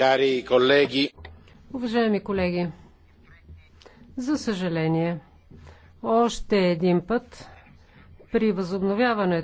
Кари колеги! Уважаеми колеги, за съжаление, още един път при възобновяването